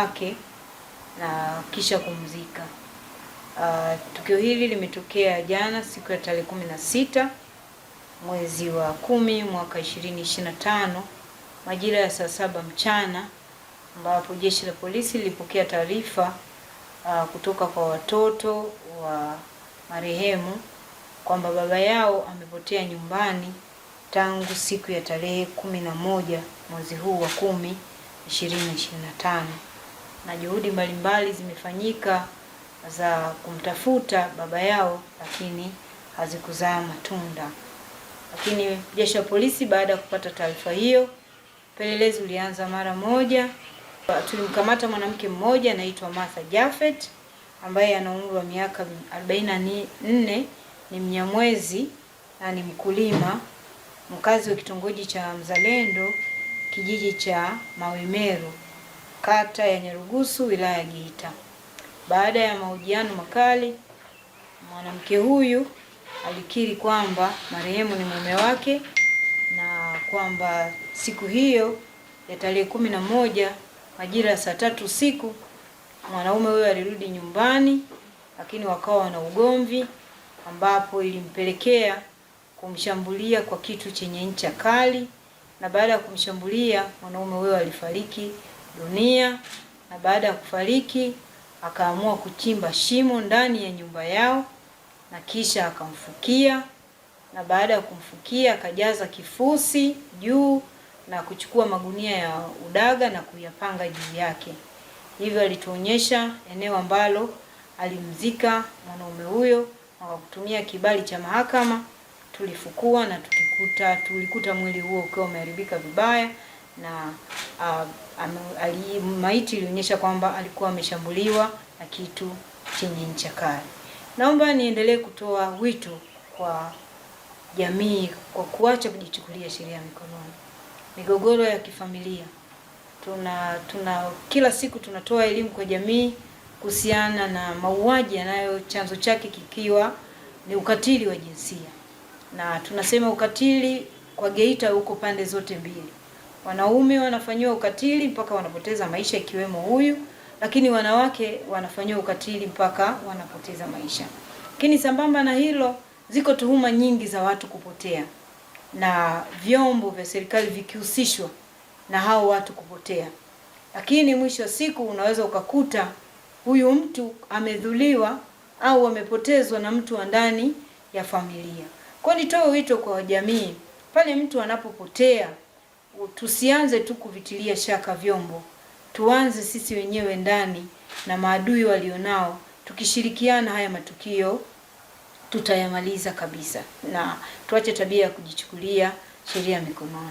wake na kisha kumzika. Uh, ah, tukio hili limetokea jana siku ya tarehe kumi na sita mwezi wa kumi mwaka ishirini ishirini na tano majira ya saa saba mchana ambapo jeshi la polisi lilipokea taarifa uh, kutoka kwa watoto wa marehemu kwamba baba yao amepotea nyumbani tangu siku ya tarehe kumi na moja mwezi huu wa kumi ishirini ishirini na tano na juhudi mbalimbali zimefanyika za kumtafuta baba yao, lakini hazikuzaa matunda. Lakini jeshi la polisi, baada ya kupata taarifa hiyo, upelelezi ulianza mara moja. Tulimkamata mwanamke mmoja anaitwa Martha Jafet ambaye ana umri wa miaka 44, ni Mnyamwezi na ni mkulima mkazi wa kitongoji cha Mzalendo kijiji cha Mawemero kata ya Nyarugusu wilaya ya Geita. Baada ya mahojiano makali, mwanamke huyu alikiri kwamba marehemu ni mume wake na kwamba siku hiyo ya tarehe kumi na moja majira ya saa tatu usiku mwanaume huyo alirudi nyumbani, lakini wakawa na ugomvi ambapo ilimpelekea kumshambulia kwa kitu chenye ncha kali, na baada ya kumshambulia mwanaume huyo alifariki dunia, na baada ya kufariki akaamua kuchimba shimo ndani ya nyumba yao na kisha akamfukia, na baada ya kumfukia akajaza kifusi juu na kuchukua magunia ya udaga na kuyapanga juu yake. Hivyo alituonyesha eneo ambalo alimzika mwanaume huyo, na kwa kutumia kibali cha mahakama tulifukua na tukikuta, tulikuta mwili huo ukiwa umeharibika vibaya na uh, ali, maiti ilionyesha kwamba alikuwa ameshambuliwa na kitu chenye ncha kali. Naomba niendelee kutoa wito kwa jamii kwa kuacha kujichukulia sheria mikononi. Migogoro ya kifamilia tuna, tuna kila siku tunatoa elimu kwa jamii kuhusiana na mauaji yanayo chanzo chake kikiwa ni ukatili wa jinsia, na tunasema ukatili kwa Geita uko pande zote mbili. Wanaume wanafanyiwa ukatili mpaka wanapoteza maisha ikiwemo huyu, lakini wanawake wanafanyiwa ukatili mpaka wanapoteza maisha. Lakini sambamba na hilo, ziko tuhuma nyingi za watu kupotea na vyombo vya serikali vikihusishwa na hao watu kupotea, lakini mwisho wa siku unaweza ukakuta huyu mtu amedhuliwa au amepotezwa na mtu wa ndani ya familia. Kwa nitoe wito kwa jamii, pale mtu anapopotea tusianze tu kuvitilia shaka vyombo, tuanze sisi wenyewe ndani na maadui walionao. Tukishirikiana haya matukio tutayamaliza kabisa, na tuache tabia ya kujichukulia sheria mikononi.